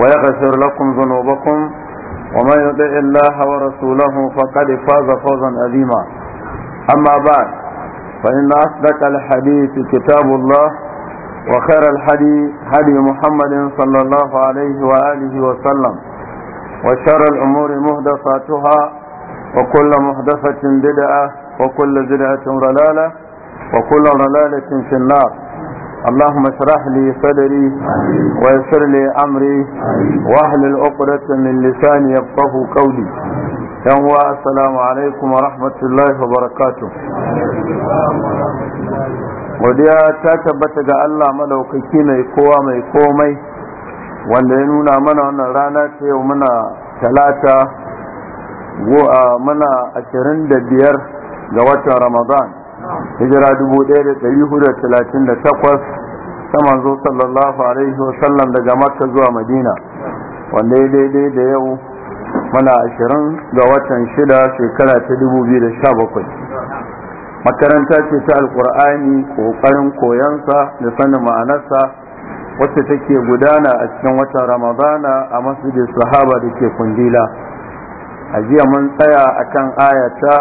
ويغفر لكم ذنوبكم ومن يطع الله ورسوله فقد فاز فوزا عظيما أما بعد فإن أصدق الحديث كتاب الله وخير الحديث هدي محمد صلى الله عليه وآله وسلم وشر الأمور مهدفاتها وكل مهدفة بدعة وكل بدعة ضلالة وكل ضلالة في النار اللهم اشرح لي صدري ويسر لي امري واحلل عقدة من لساني يفقه قولي يوم السلام عليكم ورحمة الله وبركاته godiya ta tabbata ga Allah madaukaki mai kowa mai komai wanda ya nuna mana wannan rana ta yau muna talata muna ashirin da biyar ga watan ramadan hijira 1438 ta manzo sallallahu alaihi wasallam daga makka zuwa madina wanda ya daidai da yau muna ashirin ga watan shida shekara ta 2017 makaranta ce ta alkur'ani kokarin koyansa da sanin ma'anarsa wacce take gudana a cikin watan ramadana a masjidin sahaba da ke kundila a jiya mun tsaya a kan ayata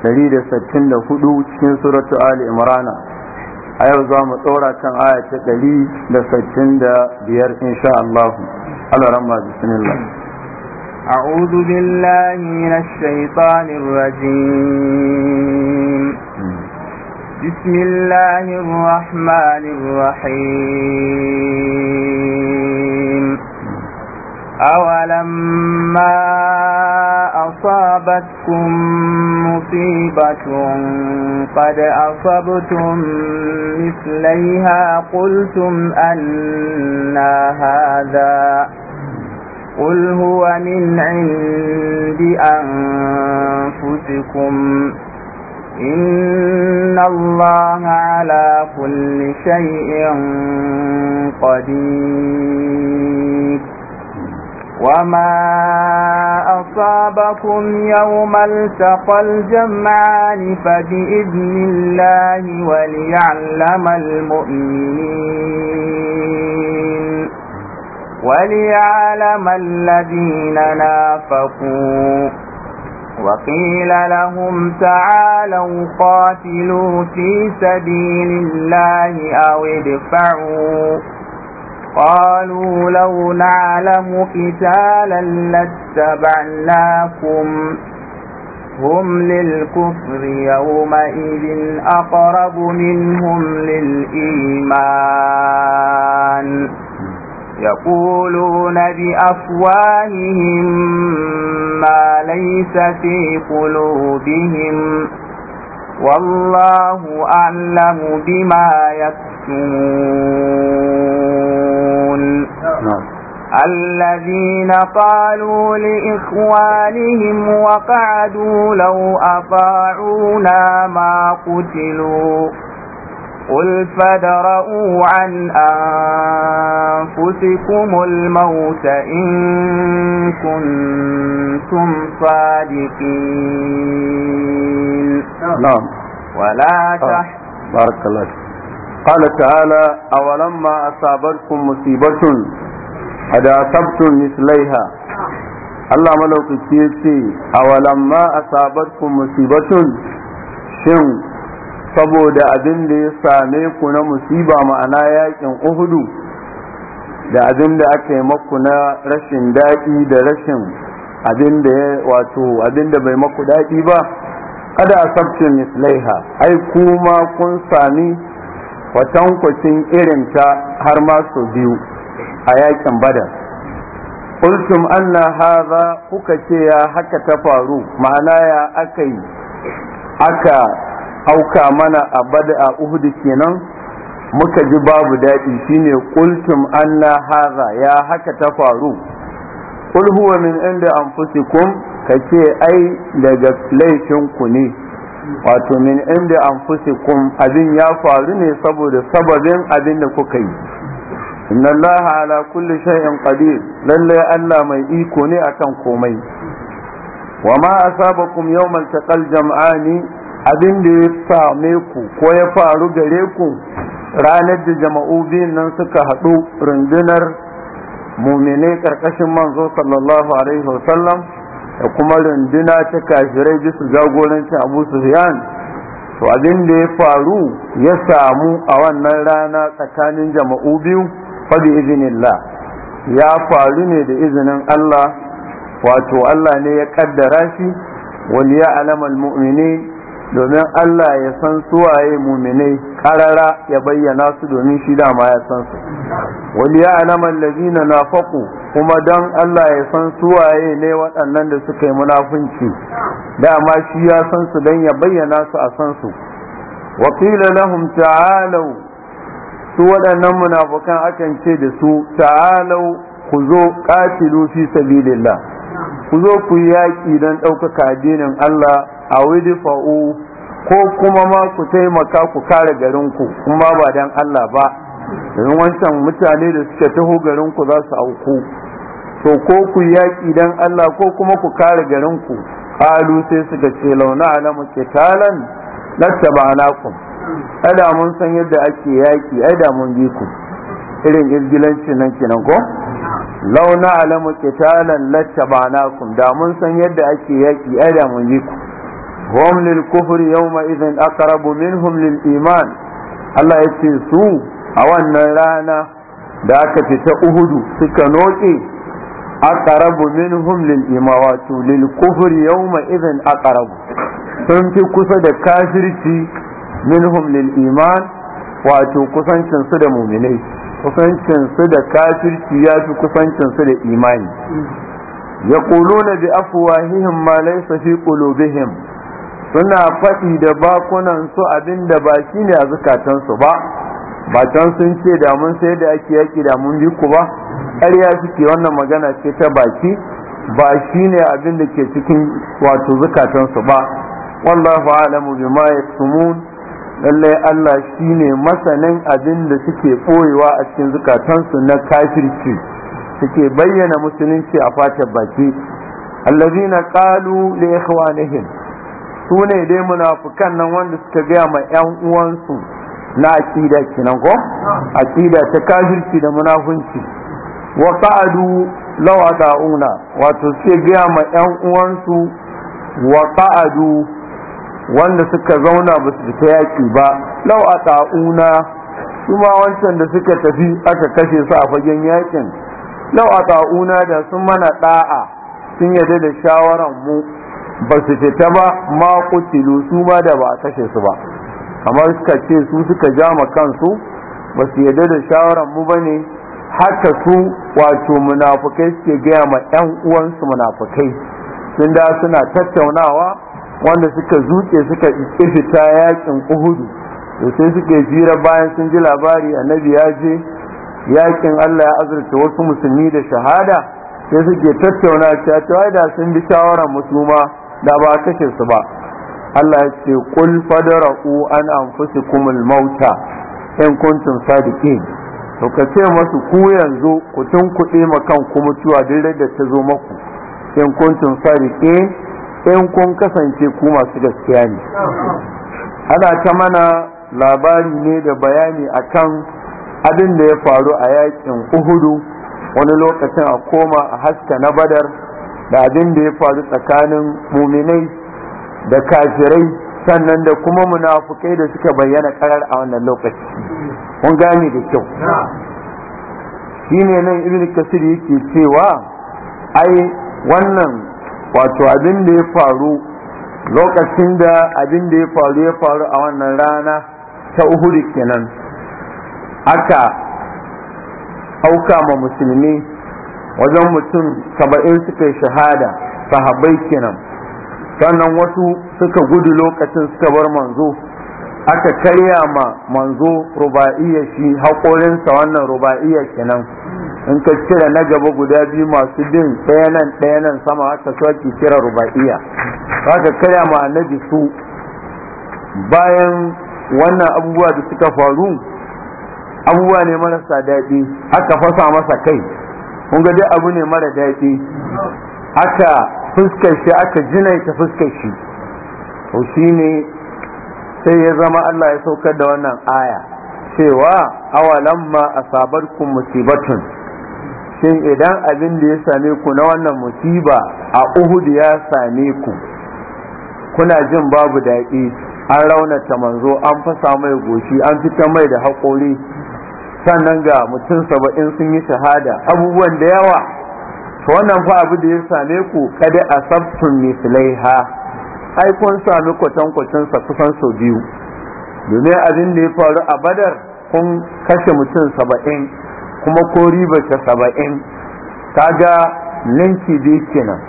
164 cikin suratu ali imrana a yau za mu tsora kan aya ta 165 insha Allah Allah ramma bismillah أعوذ بالله من الشيطان الرجيم بسم الله الرحمن الرحيم A walamma a sabbatun musibitun kada a sabbutun mislahi a gultun min in bi an fuskum ina lalata kun shan yin kwanu. وما أصابكم يوم التقى الجمعان فبإذن الله وليعلم المؤمنين وليعلم الذين نافقوا وقيل لهم تعالوا قاتلوا في سبيل الله أو ادفعوا قالوا لو نعلم قتالا لاتبعناكم هم للكفر يومئذ أقرب منهم للإيمان يقولون بأفواههم ما ليس في قلوبهم والله أعلم بما يكتمون يعلمون نعم الذين قالوا لإخوانهم وقعدوا لو أطاعونا ما قتلوا قل فدرؤوا عن أنفسكم الموت إن كنتم صادقين نعم ولا آه. تحت بارك الله قال تعالى أولما أصابتكم مصيبة أدا أصبتم مثليها الله ملوك تيتي أولما أصابتكم مصيبة shin saboda abin da ya same ku na musiba ma'ana yakin uhudu da abin da aka yi maku na rashin daɗi da rashin abin da ya wato abin da bai maku daɗi ba kada a sabcin mislaiha ai kuma kun sami irin irinta har ma sau biyu a yakin badar kultum anna haza kuka ce ya haka ta faru ma'ana ya aka aka auka mana a bada a uhudu kenan muka ji babu daɗi shine kultum anna haza ya haka ta faru kul huwa min inda anfusikum kace ai daga laifin ku ne wato min inda anfusikum abin ya faru ne saboda sababin abin da kuka yi inna Allah ala kulli shay'in qadir lalle Allah mai iko ne akan komai wa ma asabakum yawmal taqal jam'ani abin da ya same ku ko ya faru gare ku ranar da jama'u biyun nan suka haɗu rundunar muminai karkashin manzo sallallahu alaihi wasallam da kuma runduna ta kafirai bisu jagorancin abu sufyan to abin da ya faru ya samu a wannan rana tsakanin jama'u biyu fa bi ya faru ne da izinin Allah wato Allah ne ya kaddara shi wal ya alamal mu'minin domin Allah ya san suwaye muminai karara ya bayyana su domin shi dama ya san su wani ya alaman lazina na faku kuma don Allah ya san suwaye ne waɗannan da suka yi munafunci dama shi ya san su don ya bayyana su a san su wakila lahum ta'alau su waɗannan munafukan akan ce da su ta'alau ku zo ƙatilu fi sabilillah ku zo ku yaƙi don ɗaukaka addinin Allah a fa'u ko kuma ma ku taimaka ku kare garinku kuma ba don Allah ba domin wancan mutane da suka taho garinku za su auku to ko ku yaƙi don Allah ko kuma ku kare garinku Halu sai suka ce launa alamu kitalan nattaba'anakum ada mun san yadda ake yaƙi ada da mun bi ku irin izgilancin nan kenan ko launa alamu kitalan nattaba'anakum da mun san yadda ake yaƙi ya da mun bi ku hum lil kufri yawma idhin aqrabu minhum iman Allah ya ce su a wannan rana da aka fita uhudu suka noke aqrabu minhum lil imawatu lil kufri yawma idhin aqrabu sun fi kusa da kafirci minhum lil iman wato kusancin da muminai kusancin da kafirci ya fi kusancin da imani yaquluna bi afwahihim ma laysa fi qulubihim suna faɗi da bakunan su abin da ba shi ne a zukatansu ba ba can sun ce da mun sai da ake yaki da mun biku ba ƙarya suke wannan magana ce ta baki ba shi ne abin da ke cikin wato zukatansu ba wallahu alamu bima yaktumun lallai Allah shi ne masanin abin da suke ɓoyewa a cikin zukatansu na kafirci suke bayyana musulunci a fatar baki allazina qalu li ikhwanihim su ne dai munafukan nan wanda suka gaya ma 'yan uwansu na aƙida kenan ko aƙida ta kafirci da munafunci wa qa'adu law ata'una wato sai gaya ma 'yan uwansu wa qa'adu wanda suka zauna ba su fita yaki ba law ata'una kuma wancan da suka tafi aka kashe su a fagen yakin law ata'una da sun mana da'a sun yarda da shawaran mu ba su fita ba ma kutilu su ma da ba a kashe su ba kamar suka ce su suka ma kansu ba su yarda da shawarar mu bane haka su wato munafukai suke gaya ma yan uwansu munafukai sun da suna tattaunawa wanda suka zuke suka fita yakin uhudu da sai suke jira bayan sun ji labari annabi ya je yakin Allah ya azurta wasu musulmi da shahada sai suke tattauna cewa ta ai da sun bi shawaran musulma da ba kashe su ba Allah ya ce kul fadara'u an anfusikum al-mauta in kuntum sadiqin to ka ce masu ku yanzu ku tun kuɗi ma kanku mutuwa dare da ta zo maku in kuntum sadiqin in kun kasance ku masu gaskiya ne ana ta mana labari ne da bayani akan abin da ya faru a yakin uhudu wani lokacin a koma a haska na badar da abin da ya faru tsakanin muminai da kafirai sannan da kuma munafukai da suka bayyana karar a wannan lokaci kun gane da kyau Shi ne nan ibn kasir yake cewa ai wannan wato abin da ya faru lokacin da abin da ya faru ya faru a wannan rana ta uhuri kenan aka auka ma musulmi wajen mutum saba'in suka yi shahada sahabai kenan sannan wasu suka gudu lokacin suka bar manzo aka karya ma manzo ruba'iyya shi haƙorinsa wannan ruba'iyya kenan in ka cire na gaba guda biyu masu bin ɗayanan nan ɗaya nan sama aka su ake cire ruba'iyya ka karya ma annabi su bayan wannan abubuwa da suka faru abubuwa ne marasa daɗi aka fasa masa kai kun ga dai abu ne mara daɗi aka fuskar shi aka jinaita fuskar shi to shine sai ya zama Allah ya saukar da wannan aya cewa ma asabarkum musibatun shin idan abin da ya same ku na wannan musiba a Uhud ya same ku kuna jin babu daɗi an raunata manzo an fasa mai goshi an fita mai da haƙori sannan ga mutum saba'in sun yi shahada abubuwan da yawa to wannan fa abu da ya same ku kada a sabtun ha. ai kun sami kwatankwacin sa kusan sau biyu domin abin da ya faru a badar kun kashe mutum saba'in kuma ko riba ta saba'in kaga ninki biyu kenan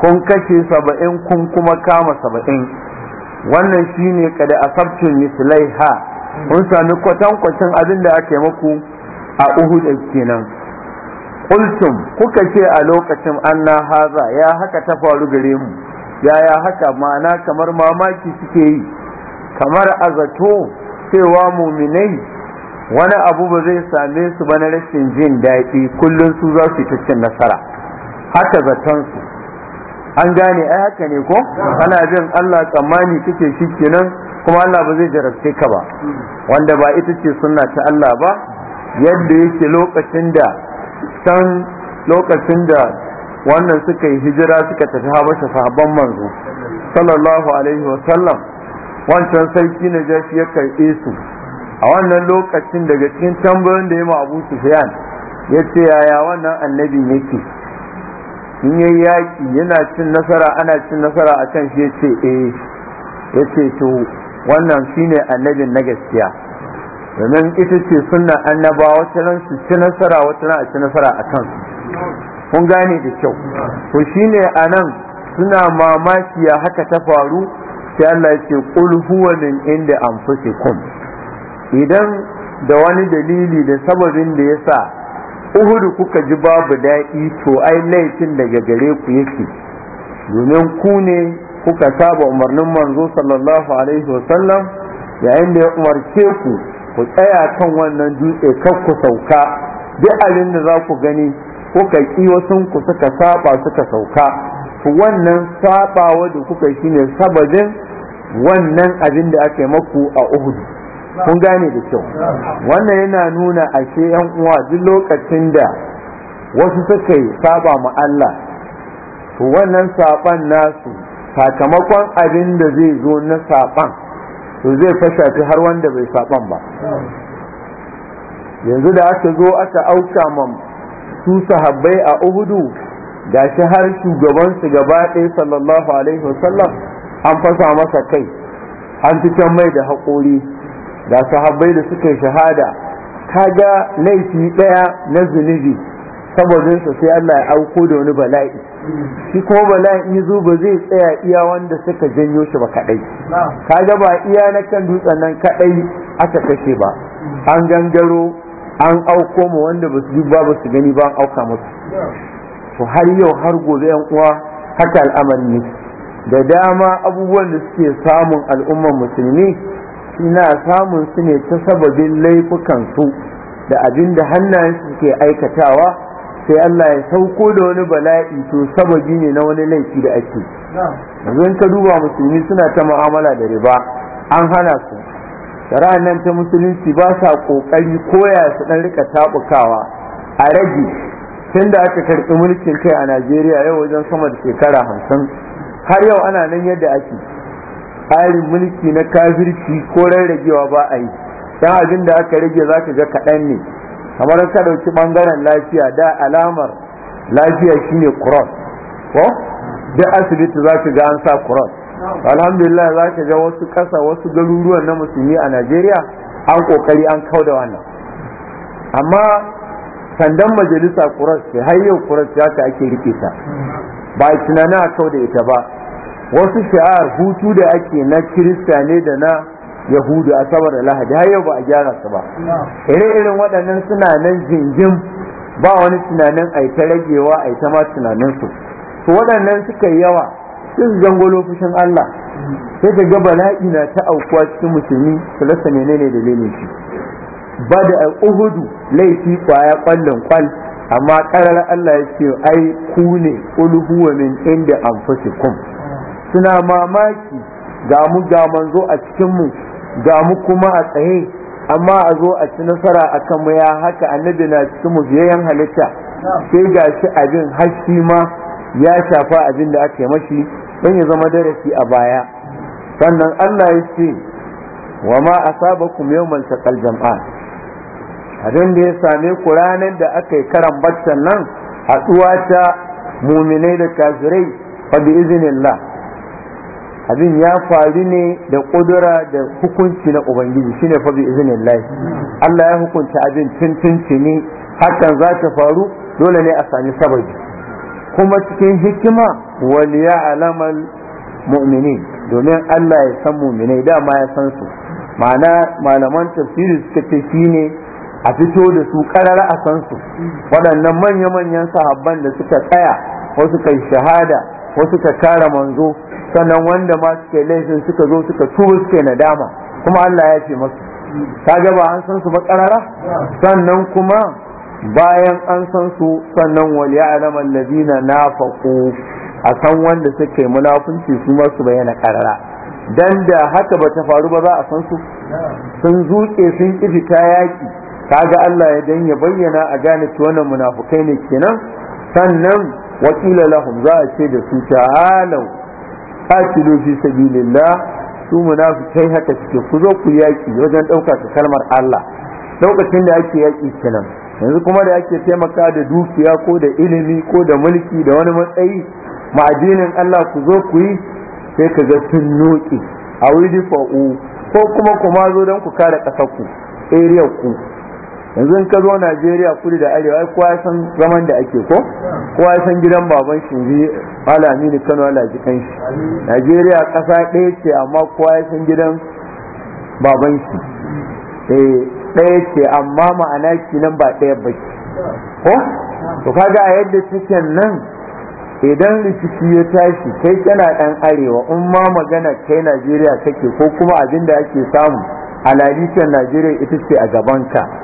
kun kashe saba'in kun kuma kama saba'in wannan shine kada a sabtun ha. kun sami kwatankwacin abin da aka yi muku a uhud kenan kultum kuka ce a lokacin anna haza ya haka ta faru gare mu yaya haka ma'ana kamar mamaki suke yi kamar a zato cewa muminai wani abu ba zai same su ba na rashin jin daɗi kullum su za su ta cin nasara haka zaton su an gane ai haka ne ko Ana jin Allah tsammani kake shi kenan kuma Allah ba zai jarabce ka ba wanda ba ita ce sunna ta Allah ba yadda yake lokacin da san lokacin da wannan suka yi hijira suka tafi habasha sahabban manzo sallallahu alaihi wa sallam wancan sarki na jashi ya karɓe su a wannan lokacin daga cikin tambayoyin da ya ma abu sufyan ya ce yaya wannan annabin yake in yayi yaƙi yana cin nasara ana cin nasara a kan shi yace eh ce to wannan shine annabin na gaskiya domin ita ce sunna annaba wata nan su ci nasara wata nan a ci nasara a kan kun gane da kyau to a anan suna mamaki ya haka ta faru sai Allah ya ce qul huwa min inda anfusikum idan da wani dalili da sababin da yasa uhudu kuka ji babu daɗi to ai laifin daga gare ku yake domin ku ne kuka saba umarnin manzo sallallahu alaihi wasallam yayin da ya umarce ku ku tsaya kan wannan dutse kan ku sauka duk abin da za ku gani kuka ki sun ku suka saba suka sauka to wannan saba wanda kuka shine sababin wannan abin da aka yi maku a uhudu kun gane da kyau wannan yana nuna a ashe yan uwa duk lokacin da wasu suka yi saba ma Allah to wannan saban nasu sakamakon abin da zai zo na saban to zai fasha shi har wanda bai saban ba yanzu da aka zo aka auka ma su sahabbai a uhudu shi har shugabansu gaba ɗaya sallallahu alaihi wasallam an fasa masa kai an fitan mai da haƙori ga sahabbai da suka yi shahada kaga laifi ɗaya na zunubi saboda sai Allah ya auko da wani bala'i shi ko bala'i yazo ba zai tsaya iya wanda suka janyo shi ba kadai kaga ba iya na kan dutsen nan kaɗai aka kashe ba an gangaro an auko mu wanda ba su ba ba su gani ba an auka musu to har yau har gobe yan uwa haka al'amari ne da dama abubuwan da suke samun al'ummar musulmi na samun su ne ta sababin laifukansu da abin da hannayensu suke aikatawa sai Allah ya sauko da wani bala'i to sababi ne na wani laifi da ake yanzu ka duba musulmi suna ta mu'amala da riba an hana su shari'a nan ta musulunci ba sa kokari koya su dan rika tabukawa a rage tun da aka karɓi mulkin kai a Najeriya yau wajen sama da shekara hamsin har yau ana nan yadda ake tsarin mulki na kafirci ko rarragewa ba a yi dan abin da aka rage za ka ga kaɗan ne kamar ka ɗauki ɓangaren lafiya da alamar lafiya shine cross ko da asibiti za ka ga an sa cross alhamdulillah za ka ga wasu ƙasa wasu garuruwan na musulmi a najeriya an ƙoƙari an kau da wannan amma sandan majalisa cross ce har yau cross ya ake rike ta ba tunanin a kau da ita ba wasu sha'ar hutu da ake na kirista ne da na yahudu a saboda lahadi har yau ba a gyara su ba ire irin waɗannan suna nan jinjin ba wani tunanin a ta ragewa a ta ma tunanin su to waɗannan suka yi yawa sun zangolo fushin Allah sai ka ga bala'i na ta aukuwa cikin musulmi su rasa menene dalilin shi ba da uhudu laifi kwaya kwallon kwal amma karar Allah ya ce ai ku ne ulhuwa min inda kuma. suna mamaki ga mu ga manzo a cikinmu ga mu kuma a tsaye amma a zo a ci nasara a kanmu ya haka annabi na cikinmu biyayyen halitta sai ga shi abin haski ma ya shafa abin da aka yi mashi dan ya zama darasi a baya sannan Allah ya ce wa ma asabakum yawmal taqal jam'a abin da ya same ku ranar da aka yi karan baccan nan haɗuwa ta muminai da kafirai fa bi iznillah abin ya faru ne da ƙudura da hukunci na ubangiji shine fa bi izinin Allah ya hukunta abin tuntunci ne hakan za ta faru dole ne a sami sababi kuma cikin hikima waliya alamar mu'minin domin Allah ya san mu'minai dama ya san su ma'ana malaman tafsiri suka ce shine a fito da su karara a san su waɗannan manya-manyan sahabban da suka tsaya wasu kai shahada wasu ka kara manzo sannan wanda ma suke laifin suka zo suka tuba suke nadama kuma Allah ya ce masu kaga ba an san su ba karara sannan kuma bayan an san su sannan wal ya'lam na nafaqu a san wanda suke munafunci su masu su bayyana karara dan da haka ba ta faru ba za a san su sun zuke sun kifi ta yaki ga Allah ya dan ya bayyana a gane wannan munafukai ne kenan sannan wakila lahum za a ce da su ta halau qatilu fi sabilillah su munafikai haka suke ku zo ku yaki wajen ɗaukar kalmar Allah lokacin da ake yaki kenan yanzu kuma da ake taimaka da dukiya ko da ilimi ko da mulki da wani matsayi ma'adinin Allah ku zo ku yi sai ka ga sun noki a wuri fa'u ko kuma kuma zo don ku kare ƙasar ku area ku yanzu ka zo Najeriya kudu da arewa ai kowa san zaman da ake ko kowa san gidan baban shi ji alami ne Kano Allah ji kan shi Najeriya kasa ɗaya ce amma kowa san gidan baban shi eh, ɗaya ce amma ma'ana kinan ba ɗaya ba ko to kaga a yadda suke nan idan rikici ya tashi kai kana ɗan arewa in ma magana kai najeriya kake ko kuma abin da ake samu a najeriya ita ce a gabanka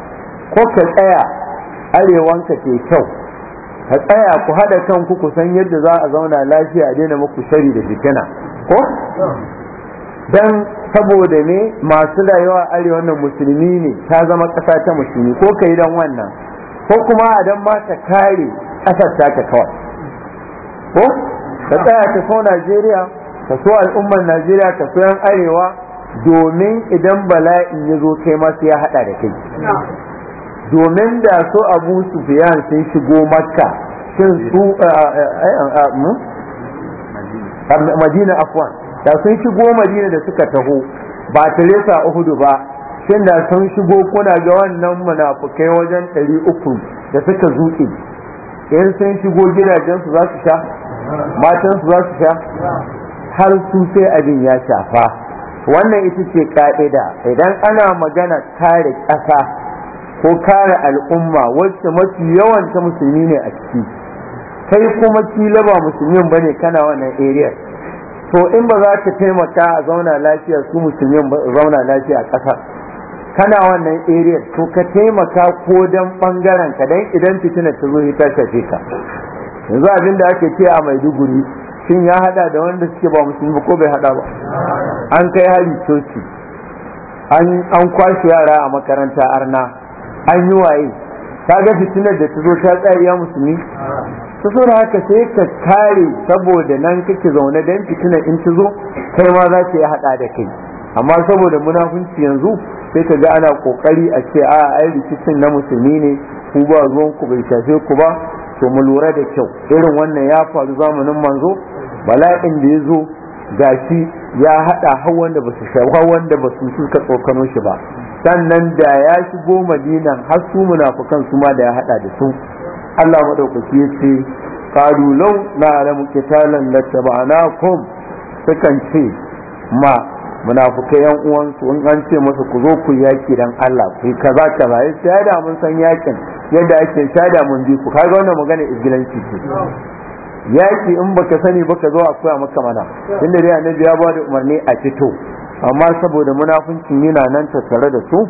ko ka tsaya arewanka ke kyau ka tsaya ku haɗa kanku ku san yadda za a zauna lafiya a daina muku shari da fitina ko dan saboda ne masu rayuwa arewa nan musulmi ne ta zama ƙasa ta musulmi ko ka yi dan wannan ko kuma a dan ma ta kare ƙasar ta ka kawai ko ka tsaya ka so najeriya ka so al'ummar najeriya ka so yan arewa domin idan bala'in ya zo kai ma ya haɗa da kai domin da su abu sufiyan sun shigo makka sun su eh, eh, eh, hmm? madina afwan da sun shigo madina da suka taho ba tare uhudu ba sun da sun shigo kuna ga wannan munafukai wajen ɗari uku da suka zuke in sun shigo gidajen su za su sha su za su sha har su sai abin ya shafa wannan ita ce ka'ida idan ana magana kare ƙasa ko kare al'umma wacce mafi yawan ta musulmi ne a ciki kai kuma kila ba musulmin bane kana wannan area to in ba za ka taimaka a zauna lafiya su musulmin zauna lafiya a ƙasar kana wannan area to ka taimaka ko dan bangaren ka dan idan fitina ta zo ta shafe ka yanzu abin da ake ce a maiduguri shin ya hada da wanda suke ba musulmi ba ko bai hada ba an kai hali coci an kwashe yara a makaranta arna an yi waye ga fitinar da ta zo ta tsaya ya musulmi ta saboda haka sai ka kare saboda nan kake zaune don fitinar in ta zo kai ma za ka yi hada da kai amma saboda munafunci yanzu sai ka ga ana kokari a ce a ai rikicin na musulmi ne ku ba ruwan ku bai shafe ku ba to mu lura da kyau irin wannan ya faru zamanin manzo bala'in da ya zo gashi ya hada hawan da basu shawo hawan da basu suka tsokano shi ba sannan da ya shigo madinan har su munafukan su ma da ya hada da su Allah madaukaki yace ce qalu law na'lamu qitalan lattaba'nakum sukan ce ma munafukai yan uwansu in an ce musu ku zo ku yaki dan Allah ku kaza kaza ya da mun san yakin yadda ake shada mun bi ku kaga wannan magana izgilanci ce yaki in baka sani baka zo a koya maka mana inda dai annabi ya bada umarni a fito amma saboda munafuncin yana nan tattare da su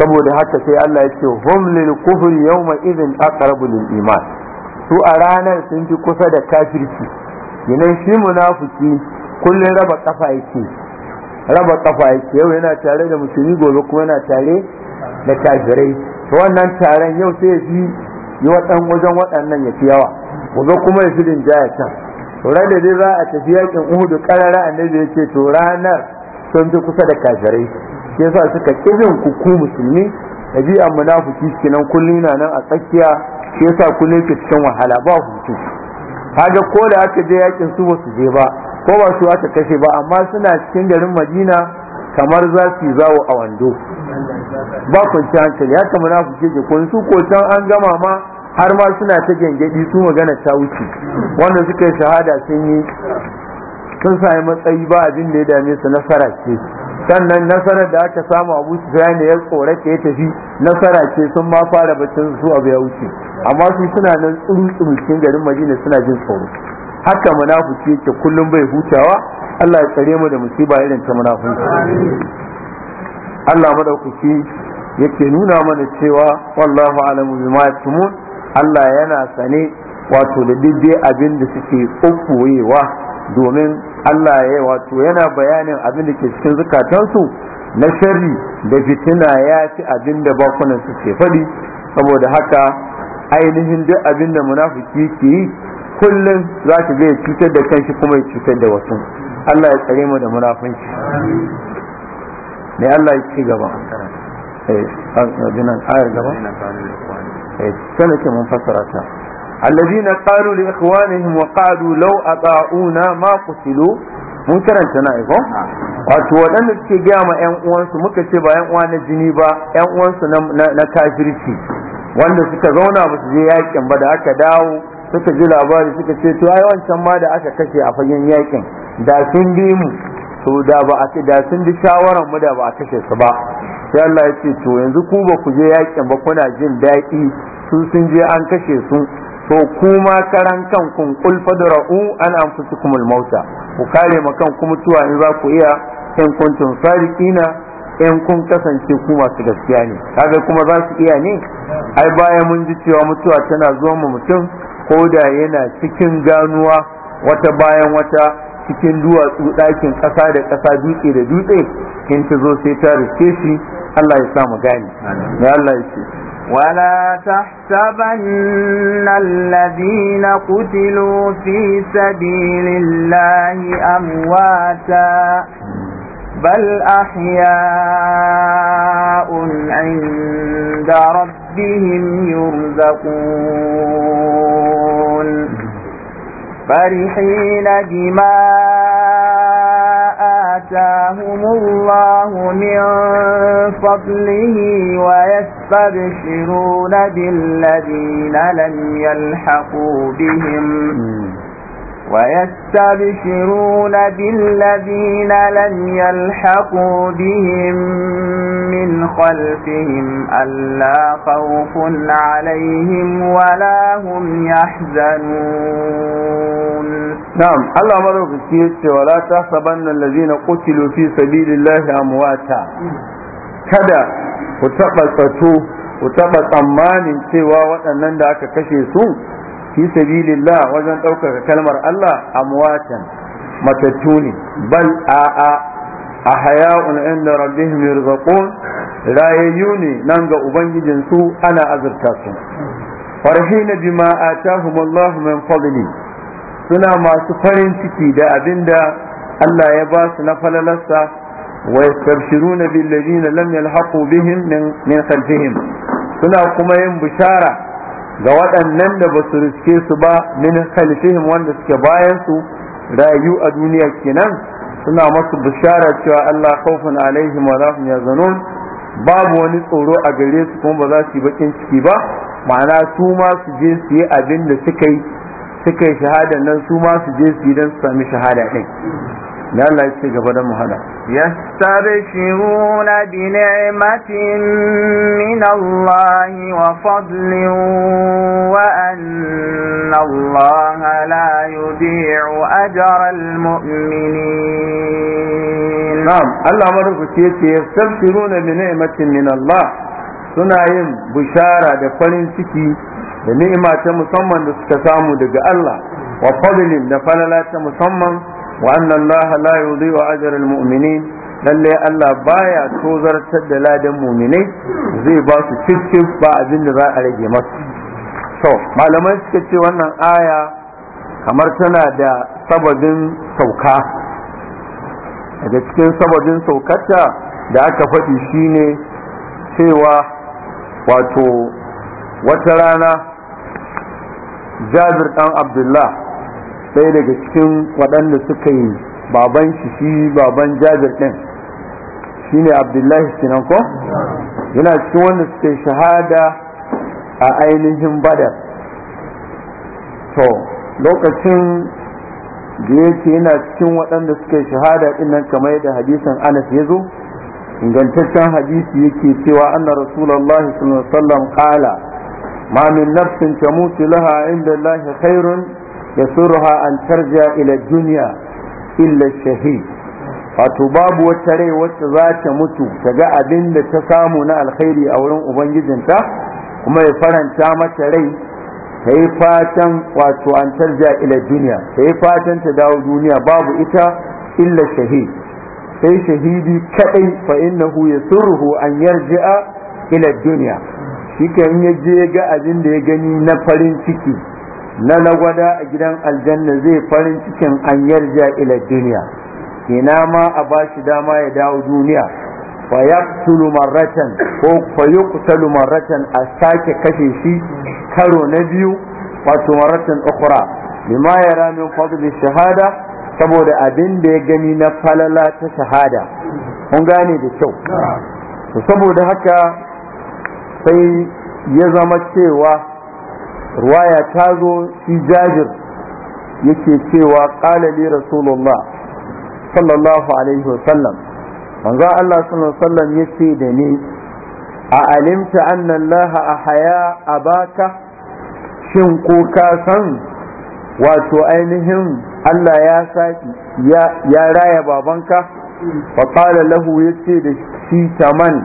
saboda haka sai Allah ya ce hum lil kufri yawma idhin aqrabu lil iman su a ranar sun fi kusa da kafirci yana shi munafiki kullun raba kafa yake raba kafa yake yau yana tare da musulmi gobe kuma yana tare da kafirai to wannan taron yau sai ya ji yi wajen waɗannan ya fi yawa Ku zo kuma ya fi rinjaya can da dai za a tafi yakin uhudu karara annabi ya ce to ranar sun fi kusa da kafirai shi sa suka kizin ku ku musulmi a munafuki kenan kullum na nan a tsakiya shi yasa kullum ke cikin wahala ba hutu haga ko da aka je yakin su ba su je ba ko ba su aka kashe ba amma suna cikin garin madina kamar za su zawo a wando ba kwanci hankali haka munafiki ke kun su ko can an gama ma har ma suna ta gengedi su magana ta wuce wanda suka yi shahada sun yi sun sami matsayi ba abin da ya dame su nasara ce sannan nasarar da aka samu abu su ya ne ya tsorata ya tafi nasara ce sun ma fara bacin su abu ya wuce amma su suna nan tsuru cikin garin madina suna jin tsoro haka munafuci yake kullum bai hutawa Allah ya tsare mu da musiba irin ta munafunci Allah madaukaki yake nuna mana cewa wallahu alamu bima yatumun Allah yana sane wato da duk abin da suke ƙuffuyewa domin Allah ya wato yana bayanin abin da ke cikin zukatansu na sharri da fitina ya fi abin da bakunan suke ke faɗi saboda haka ainihin duk abin da munafiki ke yi kullum za ka zai cutar da kanshi kuma ya cutar da wasu Allah ya tsare mu da munafunci ne Allah ya ci gaba eh, an gaba سنك eh, mun fassara ta قالوا لإخوانهم li لو wa ما قتلوا ata'una ma na eh, wato waɗanda suke gaya ma ƴan uwansu muka ce ba ƴan uwa na jini ba ƴan uwansu na kafirci wanda suka zauna ba su je yakin ba da aka dawo suka ji labari suka ce to ai wancan ma da aka kashe a fagen yakin da sun bi mu to da ba a da sun bi shawaran mu da ba a kashe su ba sai Allah ya ce to yanzu ku ba ku je yakin ba kuna jin daɗi su sun je an kashe su to kuma karan kan kun kul fadra'u an anfusukumul mauta ku kare makan kuma mutuwa in za ku iya in kuntum sadiqina in kun kasance ku masu gaskiya ne kaga kuma za su iya ne ai bayan mun ji cewa mutuwa tana zuwa mu mutum ko da yana cikin ganuwa wata bayan wata cikin duwatsu ɗakin ƙasa da ƙasa dutse da dutse in ta zo sai ta rike shi Allah ya sa mu gane ya Allah ya ce ولا تحسبن الذين قتلوا في سبيل الله أمواتا بل أحياء عند ربهم يرزقون فرحين بما آتاهم الله من فضله ويسرون يستبشرون بالذين لم يلحقوا بهم ويستبشرون بالذين لم يلحقوا بهم من خلفهم ألا خوف عليهم ولا هم يحزنون نعم الله مرق كيت ولا تحسبن الذين قتلوا في سبيل الله أمواتا كذا ku taɓa ku taɓa tsammanin cewa waɗannan da aka kashe su fi sabilillah wajen ɗaukaka kalmar Allah amwatan matattu ne bal a'a a haya'un inda rabbihim yarzaqun rayayyu ne nan ga ubangijin su ana azurta su farhina bima atahum Allah min fadli suna masu farin ciki da abinda Allah ya ba su na falalarsa ويستبشرون بالذين لم يلحقوا بهم من خلفهم suna kuma yin bishara ga waɗannan da basu riske su ba min khalfihim wanda suke bayan su rayu a duniya kenan suna masu bishara cewa Allah khawfun alaihim wa lahum yazanun babu wani tsoro a gare su kuma ba za su yi bakin ciki ba ma'ana su ma su je su yi abin da suka yi suka yi shahada nan su ma su je su yi don su sami shahada din ya Allah gaba da muhada yastabshiruna bi ni'matin min Allah wa fadlin wa Allah la yudhi'u ajra al-mu'minin na'am Allah marubuci yace yastabshiruna bi ni'matin min Allah suna yin bishara da farin ciki da ni'ima ta musamman da suka samu daga Allah wa fadlin da falala ta musamman wa anna Allah la yudhi'u ajra lalle Allah baya tozartar da ladan mu'minai zai ba su cikin ba abin da za a rage masu So, malamai suka ce wannan aya kamar tana da sababin sauka daga cikin sababin saukata da aka faɗi shine cewa wato wata rana jabir dan abdullah Sai daga cikin waɗanda suka yi baban shi shi baban jabir ɗin shi ne abdullahi sinan yana cikin wanda suka yi shahada a ainihin badar to lokacin da yake yana cikin waɗanda suka yi shahada ɗin nan kamar yadda hadisin anas ya zo ingantaccen hadisi yake cewa anna rasulullahi sallallahu alaihi wasallam ma min nafsin tamutu laha inda allahi khairun yasurruha an tarja ila dunya illa shahid wato babu wata rai wacce zata mutu ta ga abin da ta samu na alkhairi a wurin ubangijinta kuma ya faranta mata rai ta yi fatan wato ila duniya ta yi fatan ta dawo duniya babu ita illa shahi, sai shahidi kaɗai fa innahu yasurruhu an yarji'a ila duniya shi kan ya je ga abin da ya gani na farin ciki na lagwada a gidan aljanna zai farin cikin an yarja ila duniya ina ma a bashi dama ya dawo duniya fa yaqtulu marratan ko fa yuqtalu marratan a sake kashe shi karo na biyu wato marratan ukhra lima yara min fadli shahada saboda abin da ya gani na falala ta shahada kun gane da kyau saboda haka sai ya zama cewa ruwaya ta zo shi jajir yake cewa qala li rasulullah sallallahu alaihi wasallam manzo Allah sallallahu alaihi wasallam yace da ni a alimta anna Allah ahaya abaka shin ko ka san wato ainihin Allah ya saki ya raya babanka fa qala lahu yace da shi taman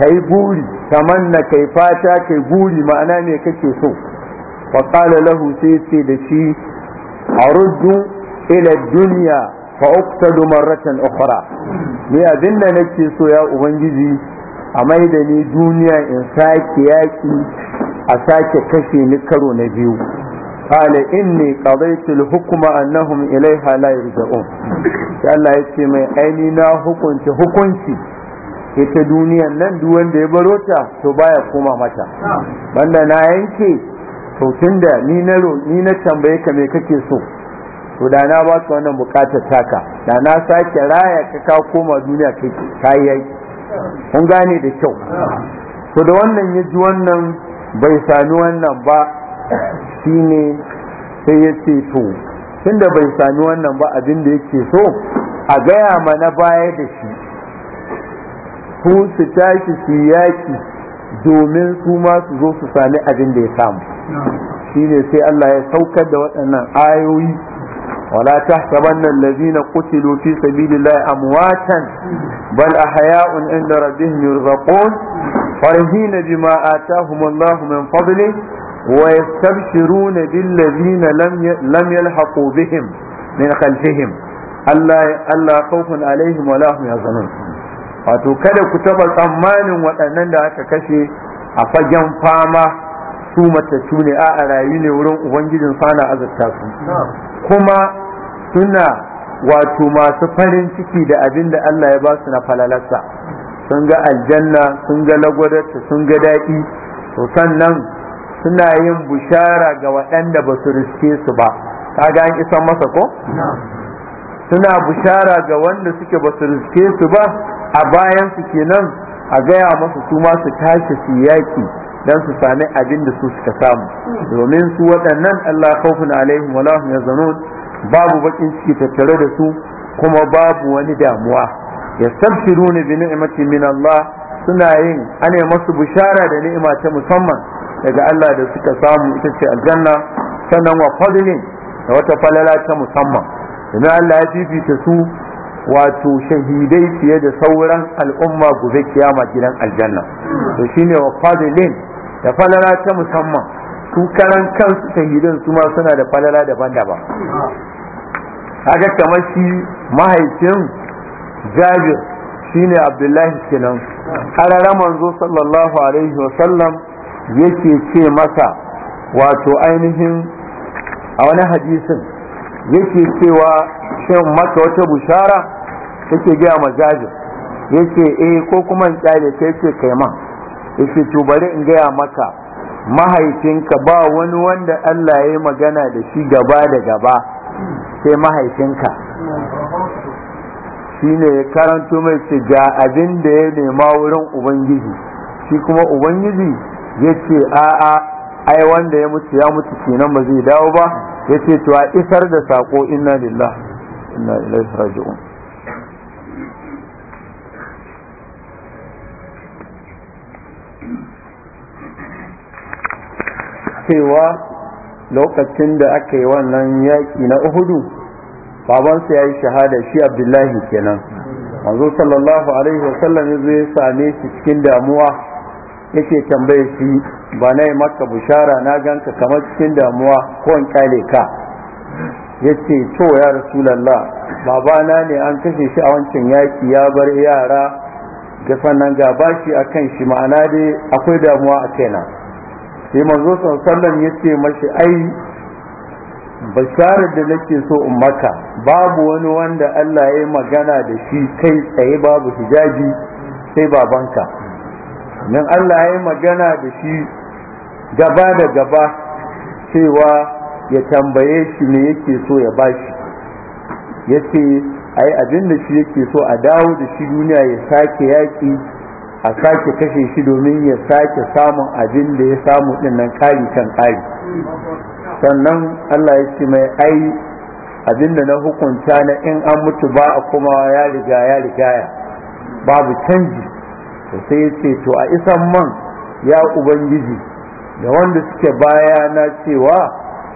kai buri taman na kai fata kai buri ma'ana me kake so wa qala lahu sai ce da shi aruddu ila dunya fa uqtadu marratan ukhra ni abin da nake so ya ubangiji a mai da duniya in sake yaki a sake kashe ni karo na biyu قال إني قضيت الحكم أنهم إليها لا يرجعون Allah ya ce mai aini na hukunci hukunci ita duniyan nan duk wanda ya baro ta to baya kuma mata banda na yanke to da ni na ni na tambaye ka me kake so to da na ba su wannan bukatar taka da na sake raya ka ka koma duniya kai kai yayi kun gane da kyau to da wannan ya ji wannan bai sami wannan ba shine sai ya ce to tunda bai sami wannan ba abin da yake so a gaya mana baya da shi ku su tashi su yaki domin su ma su zo su sami abin da ya samu shine sai Allah ya saukar da waɗannan ayoyi wala tahsabanna allazina qutilu fi sabilillahi amwatan bal ahya'un inda rabbihim yurzaqun farihina bima atahumullahu min fadlihi wa yastabshiruna billazina lam lam yalhaqu bihim min khalfihim Allah Allah khawfun alaihim wala hum yahzanun wato kada ku taba tsammanin waɗannan da aka kashe a fagen fama su matattu ne a rayu ne wurin ubangijin sana azurta su kuma suna wato masu farin ciki da abin da Allah ya ba su na falalarsa sun ga aljanna sun ga lagwadarta sun ga daɗi to sannan suna yin bushara ga waɗanda ba su riske su ba ga an isan masa ko suna bushara ga wanda suke ba su riske su ba a bayan su kenan a gaya masu su ma su tashi su yaki dan su sami abin da su suka samu domin su waɗannan Allah khawfun alaihim wala hum yazanun babu bakin ciki tattare da su kuma babu wani damuwa Ya ne bi ni'mati min Allah suna yin ane masu bishara da ni'ima ta musamman daga Allah da suka samu ita ce aljanna sannan wa fadlin da wata falala ta musamman domin Allah ya fifita su wato shahidai fiye da sauran al'umma gobe kiyama gidan aljanna to shine wa fadilin da falala ta musamman su karan kansu shahidan su ma suna da falala daban-daban Haka kamar shi mahaifin jabir shine abdullahi kenan harara manzo sallallahu alaihi wasallam yake ce masa wato ainihin a wani hadisin yake cewa shin mata wata bushara take gaya ma jabir yake eh ko kuma in kyale sai ce kai man yace to bari in gaya maka mahaifinka ba wani wanda Allah ya yi magana da shi gaba da gaba sai mahaifinka shi ne karanto mai ce ga abin da ya nema wurin ubangiji shi kuma ubangiji ya ce a'a ai wanda ya mutu ya mutu kenan ba zai dawo ba ya ce to a isar da sako inna lillahi inna ilaihi raji'un cewa lokacin da aka yi wannan yaƙi na uhudu babansa ya yi shahada shi abdullahi kenan manzo sallallahu alaihi wasallam ya zai ya same shi cikin damuwa yake tambaye shi ba na yi maka bushara na ganka kamar cikin damuwa ko in kyale ka ya ce to ya rasulallah babana ne an kashe shi a wancan yaƙi ya bar yara ga sannan ga bashi a kan shi ma'ana dai akwai damuwa a kaina sai manzo sallallahu ya ce mashi ai basharar da nake so in maka babu wani wanda Allah ya yi magana da shi kai tsaye babu hijabi sai babanka nan Allah ya yi magana da shi gaba da gaba cewa ya tambaye shi me yake so ya bashi yace ai abin da shi yake so a dawo da shi duniya ya sake yaƙi a sake kashe shi domin ya sake samun abin da ya samu dinnan kari kan kari sannan Allah ya ce mai ai abin da na hukunta na in an mutu ba a kuma ya riga ya rigaya babu canji to sai ya ce to a isan man ya ubangiji da wanda suke baya na cewa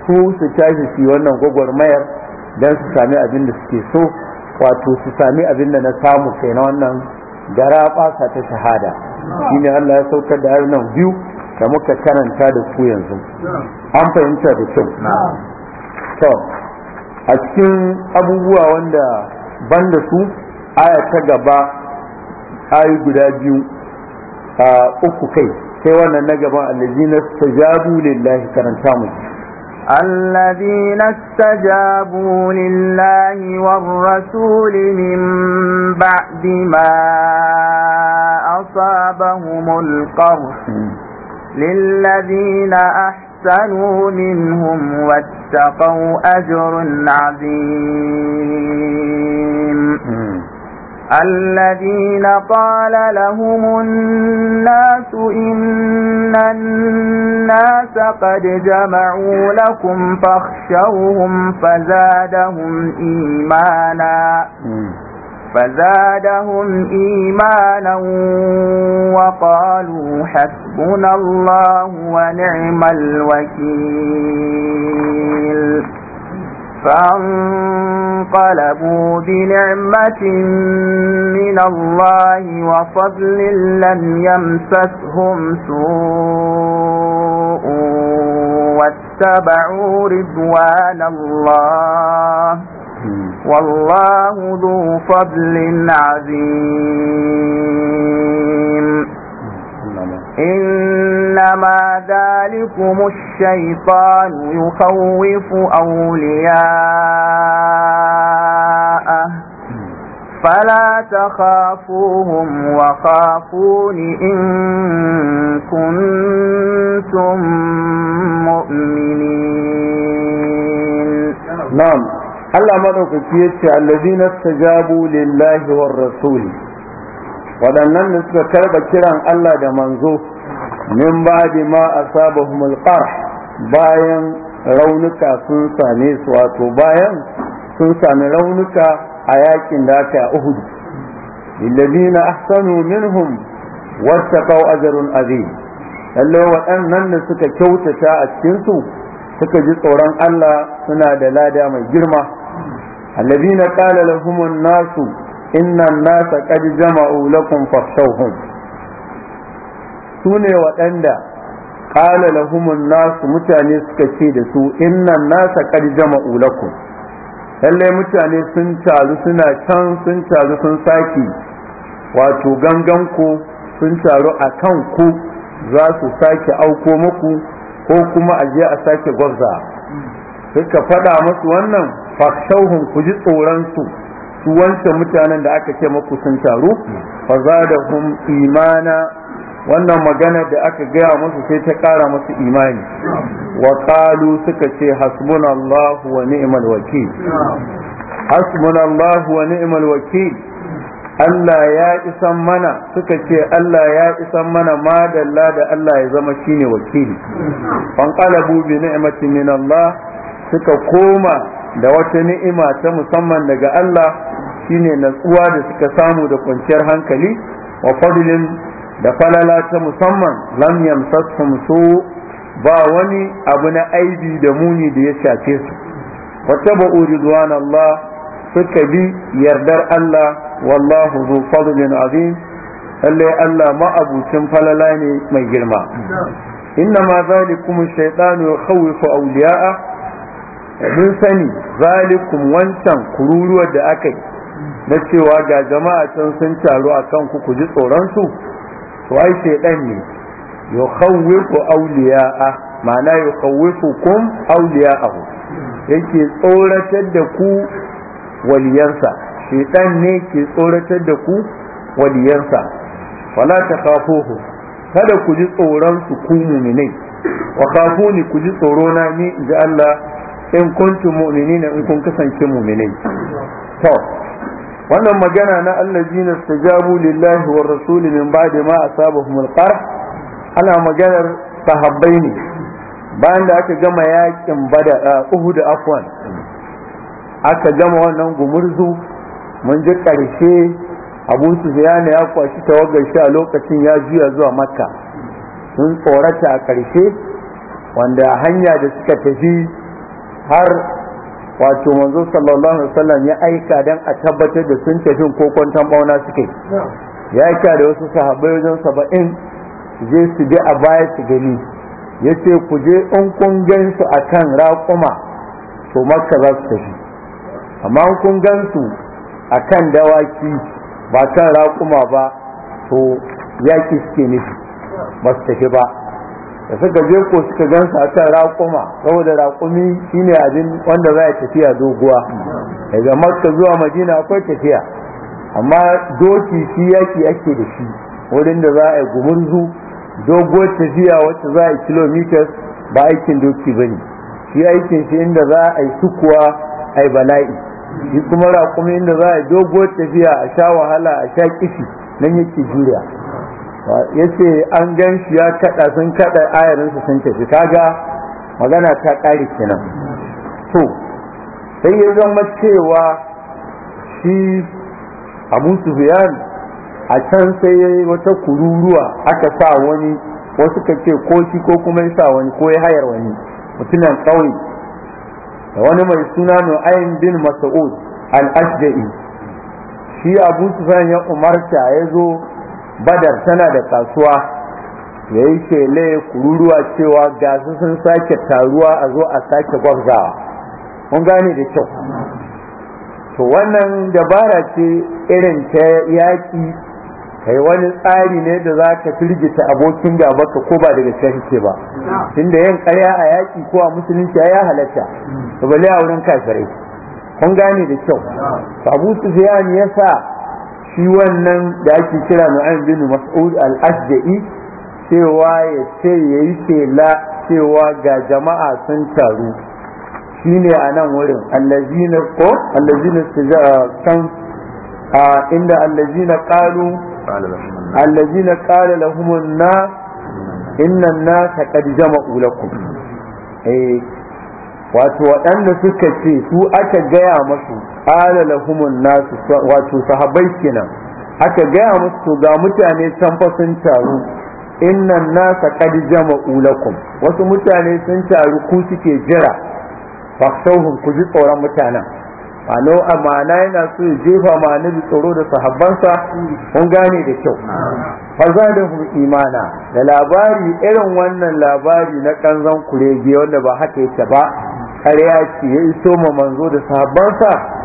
su su tashi su wannan gwagwarmayar don su sami abin da suke so wato su sami abin da na samu kai na wannan gara ta shahada shine Allah ya saukar da ayyukan biyu da muka karanta da su yanzu an fahimta da kyau to a cikin abubuwa wanda ban da su aya ta gaba ayi guda biyu a uku kai sai wannan na gaban na tajabu lillahi karanta mu الذين استجابوا لله والرسول من بعد ما أصابهم القرح للذين أحسنوا منهم واتقوا أجر عظيم الذين قال لهم الناس إن الناس قد جمعوا لكم فاخشوهم فزادهم إيمانا فزادهم إيمانا وقالوا حسبنا الله ونعم الوكيل فانقلبوا بنعمة من الله وفضل لم يمسسهم سوء واتبعوا رضوان الله والله ذو فضل عظيم إنما ذلكم الشيطان يخوف أولياءه فلا تخافوهم وخافون إن كنتم مؤمنين نعم الله مدعوك يتشع الذين استجابوا لله والرسول waɗannan da suka karba kiran Allah da manzo min da ma a saba qarh bayan raunuka sun same su wato bayan sun sami raunuka a yakin da aka a Uhud lillazina ahsanu minhum kawo ajrun azim lalle waɗannan da suka kyautata a cikinsu, suka ji tsoron Allah suna da lada mai girma الذين قال لهم nasu innan nasa qad jama'u lakum fakhshawhum sune waɗanda qala lahumun nasu mutane suka ce da su innan nasa qad jama'u lakum lallai mutane sun taru suna can sun taru sun saki wato gangan ku sun taru a kan ku za su sake auko muku ko kuma a je a sake gwabza suka faɗa masu wannan fasauhun ku ji tsoron su su mutanen da aka ce maku sun taru fazadahum imana wannan magana da aka gaya musu sai ta kara musu imani wa qalu suka ce hasbunallahu wa ni'mal wakil hasbunallahu wa ni'mal wakil Allah ya isan mana suka ce Allah ya isan mana madalla da Allah ya zama shine wakili. qalabu bi ni'mati min Allah suka koma da wata ni'ima ta musamman daga Allah shine natsuwa da suka samu da kwanciyar hankali wa fadlin da falala ta musamman lam yamsasum su ba wani abu na aibi da muni da ya shafe su wata ba'u ridwan Allah suka bi yardar Allah wallahu zu fadlin azim lallai Allah ma'abucin falala ne mai girma inna ma zalikum shaytanu yakhawwifu awliya'a mun sani zalikum wancan kururuwar da aka yi na cewa ga jama'a can sun taru a kanku ku ji tsoronsu to ai shaidan ne yukhawwifu awliya'a ma'ana yukhawwifukum awliya'ahu yake tsoratar da ku waliyansa shaidan ne ke tsoratar da ku waliyansa wala takhafuhu kada ku ji tsoron su ku mu'minai wa khafuni ku ji tsoro na ni ji Allah in kuntum mu'minin in kun kasance mu'minai to wannan magana na allazina istajabu lillahi war rasul min ba'di ma asabahum alqarh ana maganar sahabbai ne bayan da aka gama yakin bada da afwan aka gama wannan gumurzu mun ji karshe abu ziyana ya kwashi tawagar shi a lokacin ya juya zuwa makka sun tsorata a karshe wanda hanya da suka tafi har wato manzo sallallahu alaihi wasallam ya aika dan a tabbatar da sun tafi ko kwantan bauna suke ya aika da wasu sahabbai wajen saba'in je su bi a baya su gani ya ce ku je in kun gan su a kan raƙuma to makka za su tafi amma in kun gansu su a kan dawaki ba kan raƙuma ba to yaƙi suke nufi ba su tafi ba da suka je ko suka gansa a kan raƙuma saboda raƙumi shine abin wanda za a tafiya doguwa daga makka zuwa Majina akwai tafiya amma doki shi yaki ake da shi wurin da za a yi gumurzu doguwar tafiya wacce za a yi kilomitas ba aikin doki ba ne shi aikin shi inda za a yi sukuwa a yi bala'i shi kuma raƙumi inda za a yi doguwar tafiya a sha wahala a sha kishi nan yake juriya yace an gan shi ya kada sun kada su sun tafi kaga magana ta kare kenan to sai ya zama cewa shi abu sufyan a can sai ya wata kururuwa aka sa wani wasu ka ce ko shi ko kuma ya sa wani ko ya hayar wani mutumin ƙauye da wani mai suna ayin bin mas'ud al-ashja'i shi abu sufyan ya umarta ya zo badar tana da kasuwa ya yi shele kururuwa cewa gasu sun sake taruwa a zo a sake gwabzawa mun gane da kyau to wannan dabara ce irin ta yaƙi kai wani tsari ne da za ka firgita abokin gabaka baka ko ba daga cikin ke ba tunda yin karya a yaƙi ko a musulunci ya halatta to bale a wurin kafirai kun gane da kyau abu sufyan ya sa shi wannan da ake kira an binu mas'ud al-asja'i cewa ya ce yayi la cewa ga jama'a sun taru shine a nan wurin allazina ko allazina kan inda allazina qalu allazina qala lahum an inna an-nasa qad jama'u lakum eh wato waɗanda suka ce su aka gaya masu qala lahumun nas wato sahabbai kenan aka gaya musu ga mutane can fa sun taru innan nasa qad jama'u lakum wasu mutane sun taru ku suke jira fakshawhum ku ji tsoron mutanen ano amana yana so ya jefa ma nabi tsoro da sahabbansa kun gane da kyau faza da imana da labari irin wannan labari na kanzan kurege wanda ba haka yake ba kariya ce ya iso ma manzo da sahabbansa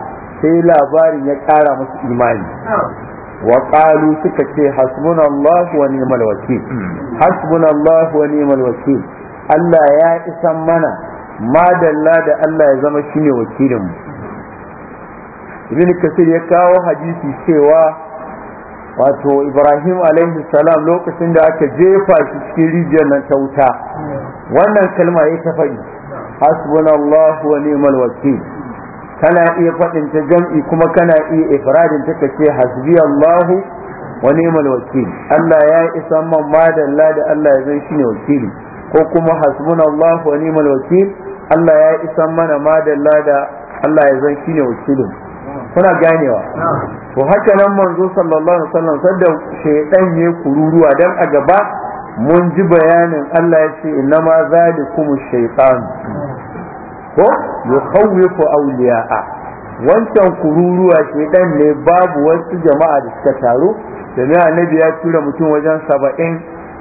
sai labarin ya ƙara musu imani wa qalu suka ce hasbunallahu wa ni'mal wakil hasbunallahu wa ni'mal wakil Allah ya isa mana madalla da Allah ya zama shine wakilin mu Ibn Kasir ya kawo hadisi cewa wato Ibrahim alaihi salam lokacin da aka jefa shi cikin rijiyar nan ta wuta wannan kalma ya ta faɗi hasbunallahu wa ni'mal wakil kana iya faɗin ta jam'i kuma kana iya ifradin ta kace hasbi Allahu wa ni'mal wakil Allah ya isa man madalla da Allah ya zai shine wakili ko kuma hasbunallahu wa ni'mal wakil Allah ya isa mana madalla da Allah ya zai shine wakilin kuna ganewa to haka nan manzo sallallahu alaihi wasallam sadda shaydan ne kururuwa dan a gaba mun ji bayanin Allah ya ce inna ma zalikumu shaytan ko yukhawwifu awliya'a wancan kururuwa shedan ne babu wasu jama'a da suka taru da annabi ya tura mutum wajen saba'in